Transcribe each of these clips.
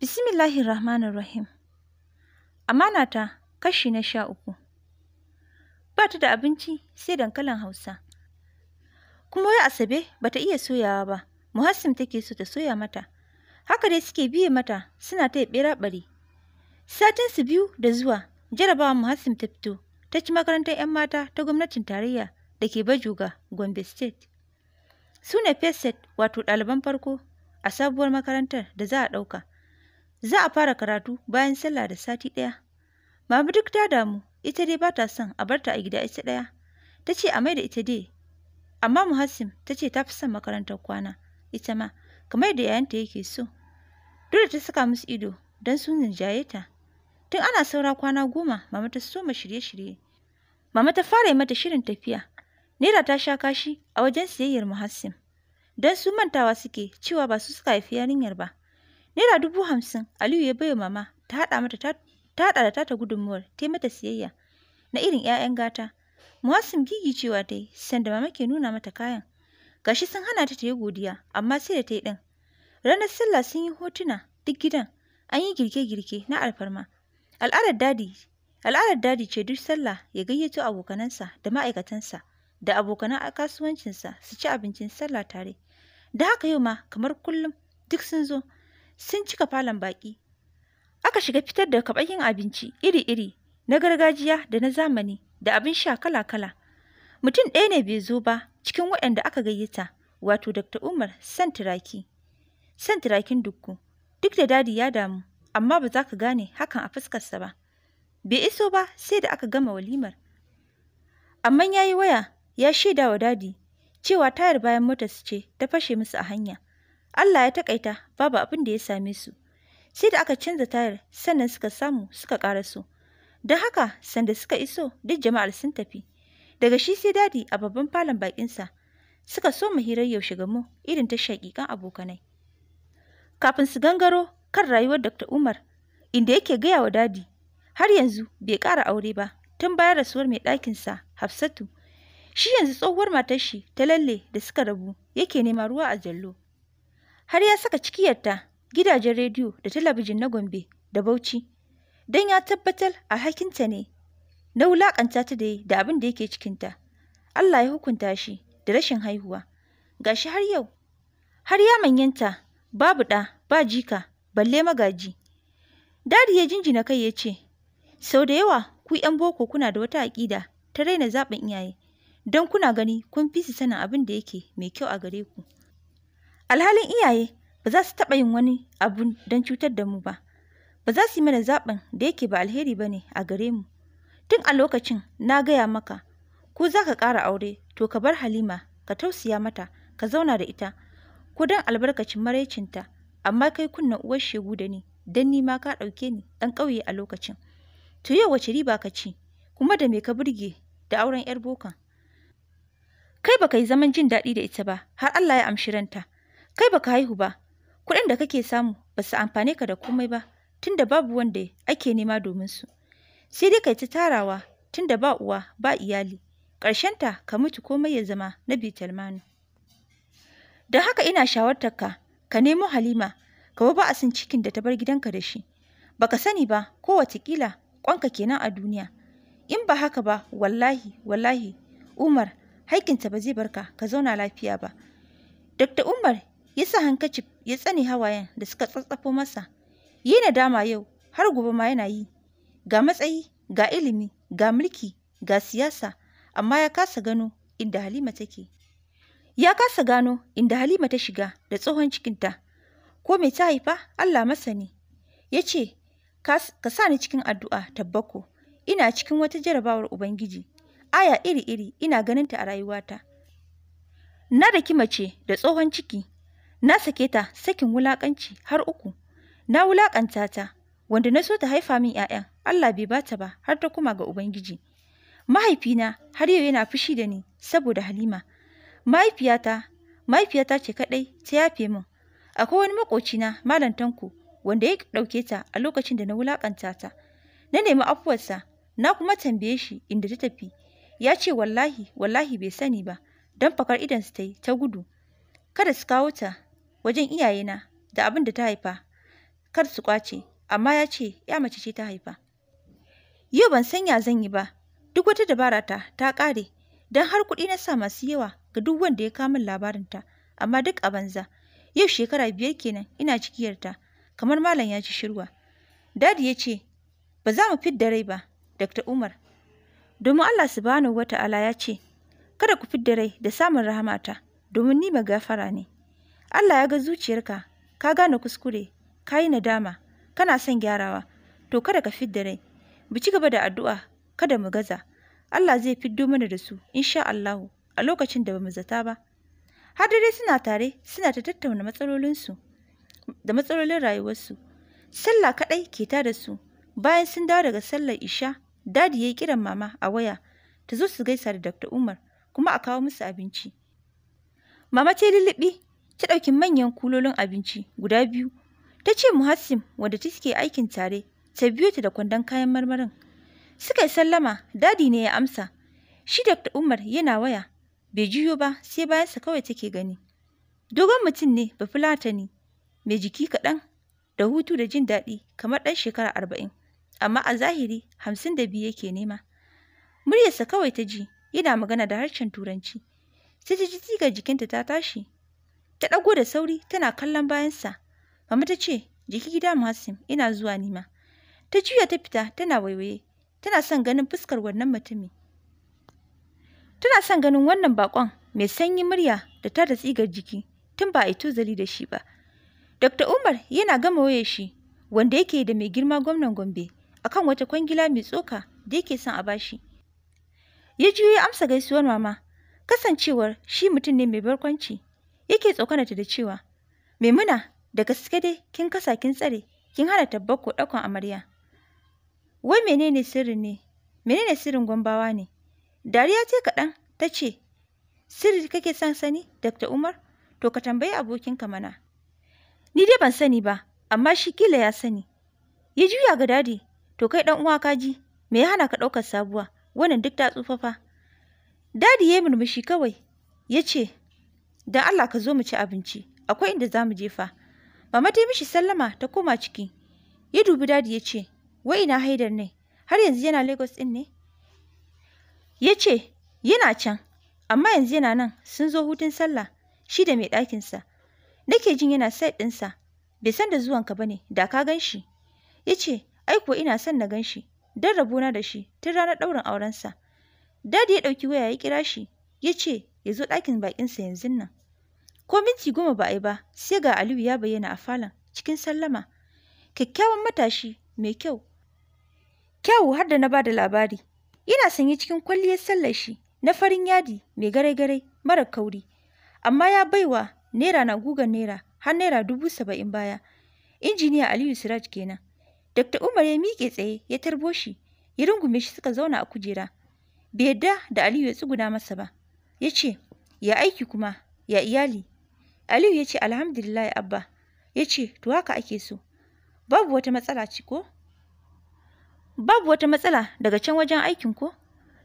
Bismillahir Rahmanir Rahim. Amana kashi na sha uku. Ba ta da abinci sai dankalin Hausa. Kuma wai Asabe ba ta iya soyawa ba, Muhassim take so ta soya mata. Haka dai suke biye mata suna ta bera bari. Satin su biyu da zuwa, jarabawa Muhassim ta fito, ta ci makarantar 'yan mata ta gwamnatin tarayya da ke Bajuga, Gombe State. Sune ne Feset wato ɗaliban farko a sabuwar makarantar da za a ɗauka. Za a fara karatu bayan sallah da sati ɗaya. Mama duk ta damu, ita dai ba ta son a barta a gida ita ɗaya. Ta ce a maida ita dai. Amma Muhassim ta ce ta fi son makarantar kwana, ita ma, kamar da yayanta yake so. Dole ta saka musu ido don sun rinjaye ta. Tun ana saura kwana goma, mama ta soma shirye-shirye. Mama ta fara yi mata shirin tafiya. Naira ta sha kashi a wajen siyayyar Muhassim. Don su mantawa suke cewa ba su suka haifi yarinyar ba. Naira dubu hamsin Aliyu ya baiwa mama ta haɗa mata ta haɗa da tata gudunmuwar ta mata siyayya na irin 'ya'yan gata. gigi gigicewa ta yi sanda mama ke nuna mata kayan. Gashi sun hana ta ta yi godiya amma sai da ta yi ɗin. Ranar sallah sun yi hotuna duk gidan an yi girke-girke na alfarma. Al'adar dadi al'adar dadi ce duk sallah ya gayyato abokanansa da ma'aikatansa da abokanan kasuwancinsa su ci abincin sallah tare. Da haka yau ma kamar kullum duk sun zo. sun cika falon baƙi. Aka shiga fitar da kaɓakin abinci iri-iri na gargajiya da na zamani da abin sha kala-kala. Mutum ɗaya ne bai zo ba cikin waɗanda aka gayyata, wato Dr. Umar san Santirakin dukku, duk da dadi ya damu, amma ba za ka gane hakan a fuskarsa ba. Bai iso ba sai da aka gama walimar. Amma ya yi waya ya shaida wa dadi cewa tayar bayan motarsa ce ta fashe musu a hanya. Allah ya taƙaita babu abin da ya same su. Sai da aka canza tayar sannan suka samu suka so Don haka sanda suka iso duk jama'ar sun tafi. Daga shi sai dadi a babban falon bakinsa suka so mu hirar yaushe gamo irin ta shaƙiƙan abokanai. Kafin su gangaro kan rayuwar Dr. Umar inda yake gaya wa dadi har yanzu bai ƙara aure ba tun bayan rasuwar mai ɗakinsa Hafsatu. Shi yanzu tsohuwar matar shi ta lalle da suka rabu yake nema ruwa a jallo. har ya saka cikiyarta gidajen rediyo da talabijin na Gombe da Bauchi don ya tabbatar a hakinta ne na wulaƙanta ta da da abin da yake cikinta. Allah ya hukunta shi da rashin haihuwa. Gashi har yau, har ya manyanta babu ɗa ba jika balle magaji. Dadi ya jinjina kai ya ce, sau da yawa ku 'yan boko kuna da wata aƙida ta raina zaɓin iyaye, don kuna gani kun fi su sanin abin da yake mai kyau a gare ku. alhalin iyaye ba za su taɓa yin wani abu don cutar da mu ba ba za su yi mana zaɓin da yake ba alheri ba ne a gare mu tun a lokacin na gaya maka ko za ka ƙara aure to ka bar halima ka tausaya mata ka zauna da ita ko don albarkacin maraicinta amma kai kunna uwar shegu da ni don ni ma ka ɗauke ni ɗan ƙauye a lokacin to yau wace riba ka ci kuma da me ka burge da auren 'yar bokan kai baka yi zaman jin daɗi da ita ba har Allah ya amshi ranta kai baka haihu ba kuɗin da kake samu ba su amfane ka da komai ba tunda babu wanda ake nema domin su sai dai kai ta tarawa tunda ba uwa ba iyali ƙarshenta ka mutu komai ya zama na bitalmanu don haka ina shawartar ka ka nemo halima ka ba a san cikin da ta bar gidanka da shi baka sani ba ko watakila ƙwanka kenan a duniya in ba haka ba wallahi wallahi umar haikinta ba zai barka ka zauna lafiya ba dr umar ya sa hankacif ya tsane hawayen da suka tsatsafo masa yi dama yau har gobe ma yana yi ga matsayi ga ilimi ga mulki ga siyasa amma ya kasa gano inda halima take ya kasa gano inda halima ta shiga da tsohon cikinta ko mai ta haifa allah masani ya ce ka sa ni cikin addu'a tabbako ina cikin wata jarabawar ubangiji aya iri-iri ina ganinta a rayuwata na da kimace da tsohon ciki Na sake ta sakin wulaƙanci har uku. Na wulaƙanta ta, wanda na so ta haifa min ‘ya'yan, Allah bai bata ba har ta kuma ga Ubangiji. Mahaifina har yau yana fushi da ni saboda Halima. Mahaifiyata, mahaifiyata ce kadai ta yafe min. Akwai wani makocina Malam Tanko, wanda ya ɗauke ta a lokacin da na wulakanta ta. Na nemi afuwarsa, na kuma tambaye shi inda ta tafi. Ya ce wallahi, wallahi bai sani ba, don fakar idan su ta yi ta gudu. Kada su kawo ta, wajen iyayena da abin da ta haifa kar su kwace amma ya ce ya mace ce ta haifa yau ban san ya zan yi ba duk wata dabara ta ta kare. don har kuɗi na sa masu yawa ga duk wanda ya kamun ta amma duk a banza yau shekara biyar kenan ina cikiyarta kamar malam ya ci shirwa dadi ya ce ba za mu fidda rai ba dr umar domin allah subhanahu ala ya ce kada ku fidda rai da samun rahamata domin ni gafara ne Allah ya ga zuciyarka, ka gane kuskure, ka yi nadama, kana son gyarawa, to kada ka fidda rai. Bi ci gaba da addu'a, kada mu gaza. Allah zai fiddo mana da su, insha Allahu, a lokacin da ba mu zata ba. Har dare suna tare, suna ta tattauna matsalolinsu da matsalolin rayuwarsu. Sallah kaɗai ke ta da su. Bayan sun dawo daga sallar Isha, Dadi ya yi kiran mama a waya, ta zo su gaisa da Dr. Umar, kuma a kawo musu abinci. Mama ce lulluɓi ta ɗauki manyan kulolin abinci guda biyu ta ce muhassim wanda ta suke aikin tare ta biyo ta da kwandon kayan marmarin suka yi sallama dadi ne ya amsa shi dr umar yana waya bai juyo ba sai bayan sa kawai take gani dogon mutum ne ba ne. mai jiki kaɗan da hutu da jin daɗi kamar ɗan shekara arba'in amma a zahiri hamsin da biyu yake nema muryarsa kawai ta ji yana magana da harshen turanci sai ta ji tsigar jikinta ta tashi Ta ɗago da sauri tana kallon bayansa. Mama ta ce, jiki gida Masim, ina zuwa nima. Ta juya ta fita tana waiwaye, tana son ganin fuskar wannan mutumin. Tana son ganin wannan bakon mai sanyi murya da ta-da tsigar jiki tun ba a yi tozali da shi ba. Dr. Umar yana gama waye shi wanda yake da mai girma gwamnan Gombe akan wata kwangila mai tsoka da yake son a bashi. Ya juyo ya amsa gaisuwar mama, kasancewar shi mutum ne mai barkwanci yake ta da cewa Maimuna da gaske dai kin kasa kin tsare kin hana tabbako ɗaukan amarya. Wai menene sirrin ne? Menene sirrin gwambawa ne? Dariya ce kaɗan ta ce sirri kake son sani Dr. Umar to ka tambayi abokinka mana. Ni dai ban sani ba amma shi kila ya sani. Ya juya ga dadi to kai ɗan uwa ka ji me ya hana ka ɗaukar sabuwa wannan duk ta tsufafa. Dadi ya murmushi kawai ya ce Dan Allah ka zo mu ci abinci akwai inda za mu je fa mama ta yi mishi sallama ta koma ciki ya dubi dadi ya ce wai ina haidar ne har yanzu yana lagos din ne ya ce yana can amma yanzu yana nan sun zo hutun sallah shi da mai ɗakinsa nake jin yana sai ɗinsa bai san da zuwanka ba ne da ka gan shi ya ce ai kuwa ina son na ganshi. shi don rabona da shi tun ranar ɗaurin aurensa dadi ya ɗauki waya ya kira shi ya ce ya zo ɗakin baƙinsa yanzu nan Ko minti goma ba a yi ba, sai ga Aliyu ya bayyana a falon cikin sallama. Kyakkyawan matashi mai kyau. kyau har da na ba labari. Ina sanye cikin kwalliyar sallar shi na farin yadi mai gare-gare mara kauri. Amma ya baiwa naira na gugan naira har naira dubu saba'in baya. Injiniya Aliyu Siraj kenan. Dr. Umar ya miƙe tsaye ya tarbo shi, ya rungume shi suka zauna a kujera. Bai yadda da Aliyu ya tsuguna masa ba. Ya ce, ya aiki kuma, ya iyali, Aliyu ya ce alhamdulillah abba ya ce to haka ake so babu wata matsala ci ko babu wata matsala daga can wajen aikin ko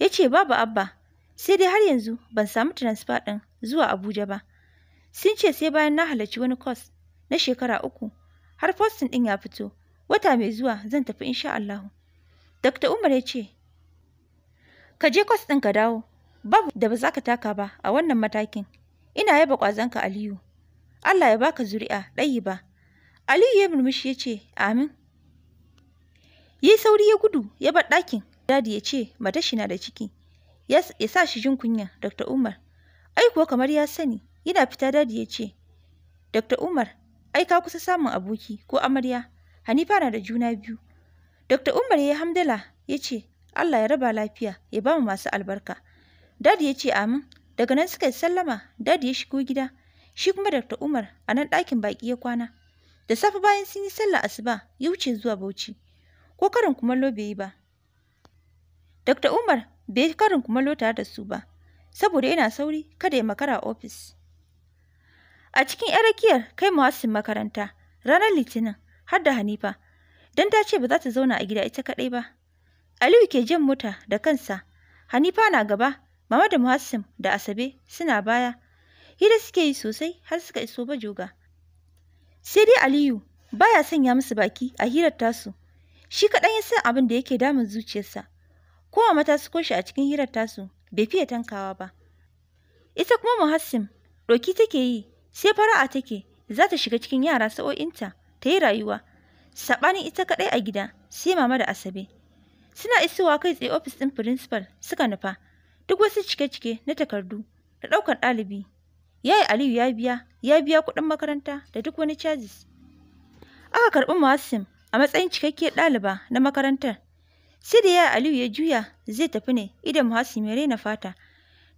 ya ce babu abba sai dai har yanzu ban samu transfer ɗin zuwa Abuja ba sun ce sai bayan na halarci wani course na shekara uku har posting ɗin ya fito wata mai zuwa zan tafi insha Allahu Dr. Umar ya ce ka je kwas ɗin ka dawo babu da ba za ka taka ba a wannan matakin ina yaba ƙwazonka Aliyu Allah ya baka zuri'a ɗayi ba. Aliyu ya murmushi ya ce, Amin. Yi sauri ya gudu ya bar ɗakin, dadi ya ce, Matashi na da ciki. Ya sa shi jin kunya, Dr. Umar. Ai kuwa kamar ya sani, yana fita dadi ya ce, Dr. Umar, ai ka kusa samun aboki ko amarya, Hanifa na da juna biyu. Dr. Umar ya hamdala ya ce, Allah ya raba lafiya, ya ba mu masu albarka. Dadi ya ce, Amin. Daga nan suka yi sallama, dadi ya shigo gida. Shi kuma Dr. Umar a nan ɗakin baƙi ya kwana. Da safe bayan sun yi sallah asuba ya wuce zuwa Bauchi. Ko karin kumallo bai yi ba. Dr. Umar bai yi karin kumallo tare da su ba, saboda yana sauri kada ya makara a ofis. A cikin yar rakiyar kai muhassin makaranta ranar Litinin har da Hanifa, Dan ta ce ba za ta zauna a gida ita kaɗai ba. Aliyu ke jan mota da kansa, Hanifa na gaba, Mama da Muhassim da Asabe suna baya, hira suke yi sosai har suka iso bajoga sai dai aliyu baya sanya musu baki a hirar tasu shi kaɗan ya san abin da yake damun zuciyarsa kowa mata su koshi a cikin hirar tasu bai fiye tankawa ba ita kuma muhassim ɗoki take yi sai fara'a take za ta shiga cikin yara sa'o'inta ta yi rayuwa saɓanin ita kaɗai a gida sai mama da asabe suna isowa kai tsaye ofis ɗin firinsifal suka nufa duk wasu cike-cike na takardu da ɗaukar ɗalibi Yayi Aliyu ya biya, ya biya kuɗin makaranta da duk wani charges. Aka karɓi muhassim a matsayin cikakkiyar ɗaliba na makarantar. Sai da yayi Aliyu ya juya zai tafi ne idan Muwassim ya raina fata.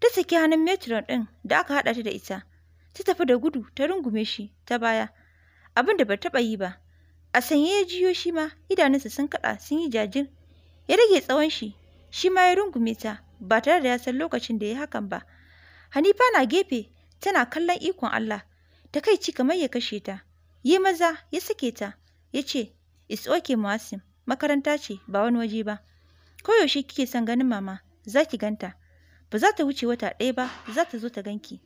Ta saki hannun metron ɗin da aka haɗa ta da ita. Ta tafi da gudu ta rungume shi ta baya. Abin da bai taɓa yi ba. A sanye ya jiyo shi ma idanunsa sun kaɗa sun yi jajir. Ya rage tsawon shi, shi ma ya rungume ta ba tare da ya san lokacin da ya hakan ba. Hanifa na gefe tana kallon ikon Allah ta kai ci kamar ya kashe ta yi maza ya sake ta ya ce it's okay Muasim makaranta ce ba wani waje ba koyaushe kike son ganin mama za ki ganta ba za ta wuce wata ɗaya ba za ta zo ta ganki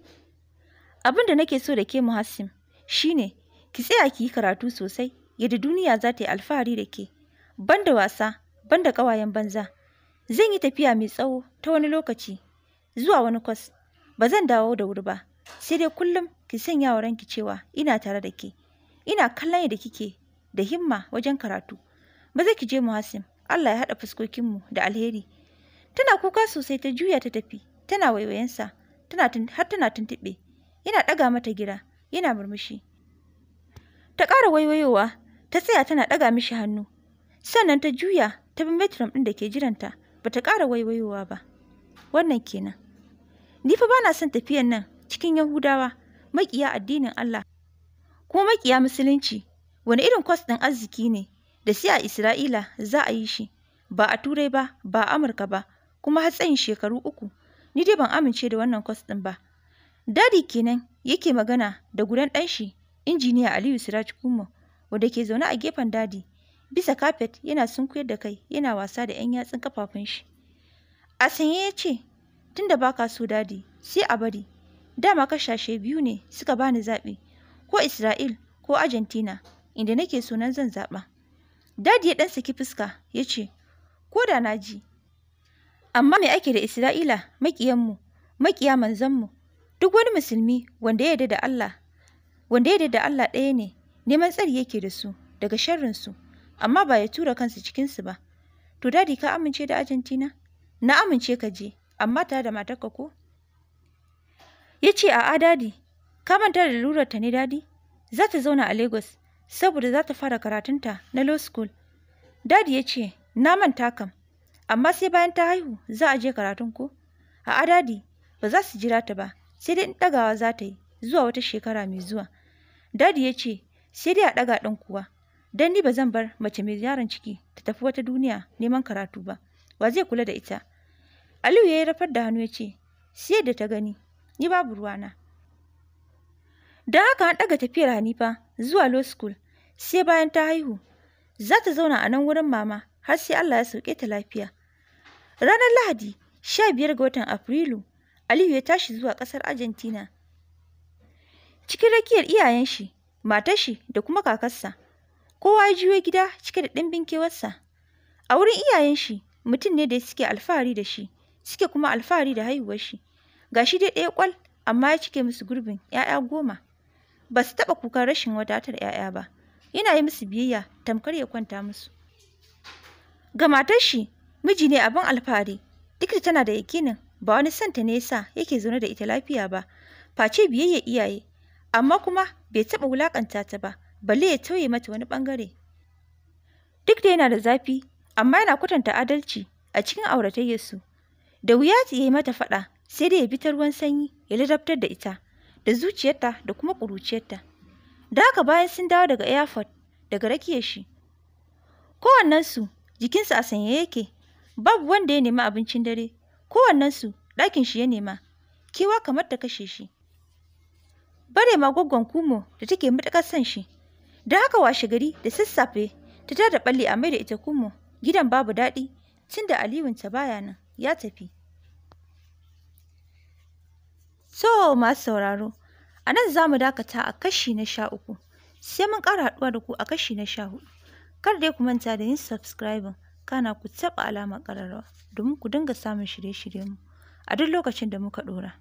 abin da nake so da ke Muhassim shine ki tsaya ki yi karatu sosai yadda duniya za ta yi alfahari da ke banda wasa banda ƙawayen banza zan yi tafiya mai tsawo ta wani lokaci zuwa wani kwas ba zan dawo da wuri ba sai dai kullum ki sanya wa ranki cewa ina tare da ke ina kallon yadda kike da himma wajen karatu Ba zai ki je muhassim Allah ya haɗa fuskokinmu da alheri tana kuka sosai ta juya ta tafi tana waiwayensa har tana tuntuɓe yana ɗaga mata gira yana murmushi ta ƙara waiwayowa ta tsaya tana ɗaga mishi hannu sannan ta juya ta bi metron ɗin da ke jiranta ba ta ƙara waiwayowa ba wannan kenan ni fa bana son tafiyan nan cikin Yahudawa, maƙiya addinin Allah, kuma maƙiya Musulunci, wani irin kwas ɗin arziki ne da sai a Isra'ila za a yi shi, ba a Turai ba, ba a Amurka ba, kuma har tsayin shekaru uku. Ni dai ban amince da wannan kwas ɗin ba. Dadi kenan yake magana da gudan ɗan shi, injiniya Aliyu Siraj Kumo, wanda ke zaune a gefen dadi, bisa kafet yana sunkuyar da kai yana wasa da 'yan yatsun kafafun shi. A sanye ya ce, tunda baka so dadi, sai a bari, Dama kashashe biyu ne suka bani zaɓi, ko Isra'il ko Argentina, inda nake so nan zan zaɓa. Dadi ya ɗan saki fuska ya ce, Ko da na ji, amma me ake da Isra'ila maƙiyanmu, maƙiya manzanmu, duk wani musulmi wanda ya da Allah, wanda ya da Allah ɗaya ne, neman tsari yake da su daga sharrinsu, amma ba ya tura kansu cikinsu ba. To dadi ka amince da Argentina? Na amince ka je, amma tare da matarka ko? Ya ce a'a dadi, ka manta da lurarta ne dadi? Za ta zauna a Lagos saboda za ta fara karatunta na law school. Dadi ya ce, na manta kam, amma sai bayan ta haihu za a je karatun ko? A'a dadi, ba za su jira ta ba, sai dai in ɗagawa za ta yi zuwa wata shekara mai zuwa. Dadi ya ce, sai dai a ɗaga ɗin kuwa, Dan ni ba zan bar mace mai yaron ciki ta tafi wata duniya neman karatu ba, wa zai kula da ita? Aliyu ya yi rafar da hannu ya ce, sai da ta gani, ni babu ruwana don haka an ɗaga tafiyar hanifa zuwa low school sai bayan ta haihu za ta zauna a nan wurin mama har sai allah ya sauke ta lafiya ranar lahadi sha biyar ga watan afrilu aliyu ya tashi zuwa ƙasar argentina cikin rakiyar iyayen shi matar shi da kuma kakarsa kowa ya juyo gida cike da ɗimbin kewarsa a wurin iyayen shi mutum ne da suke alfahari da shi suke kuma alfahari da haihuwar shi Ga shi dai ɗaya ƙwal amma ya cike musu gurbin ‘ya'ya goma ba su taɓa kukan rashin wadatar ‘ya'ya ba yana yi musu biyayya tamkar ya kwanta musu ga matar shi miji ne abin alfahari duk da tana da yakinin ba wani santa ne yasa yake zaune da ita lafiya ba face biyayya iyaye amma kuma bai taɓa wulaƙanta ta ba balle ya tauye mata wani ɓangare duk da yana da zafi amma yana kwatanta adalci a cikin auratayyarsu da wuya ta yi mata faɗa sai dai ya bi ta ruwan sanyi ya ladabtar da ita da zuciyarta da kuma ƙuruciyarta da haka bayan sun dawo daga airport daga rakiyar shi kowannensu jikinsu a sanye yake babu wanda ya nema abincin dare kowannensu ɗakin shi ya nema kewa kamar ta kashe shi bare ma gwaggon kumo da take matuƙar son shi da haka washe gari da sassafe ta tada balli a mai da ita kumo gidan babu daɗi tunda ta baya nan ya tafi So masu sauraro, a nan za mu dakata a kashi na sha uku, sai mun ƙara haɗuwa da ku a kashi na sha hudu. Kar dai ku manta da yin subscribing, kana ku taɓa alamar ƙararrawa domin ku dinga samun shirye-shiryenmu a duk lokacin da muka ɗora.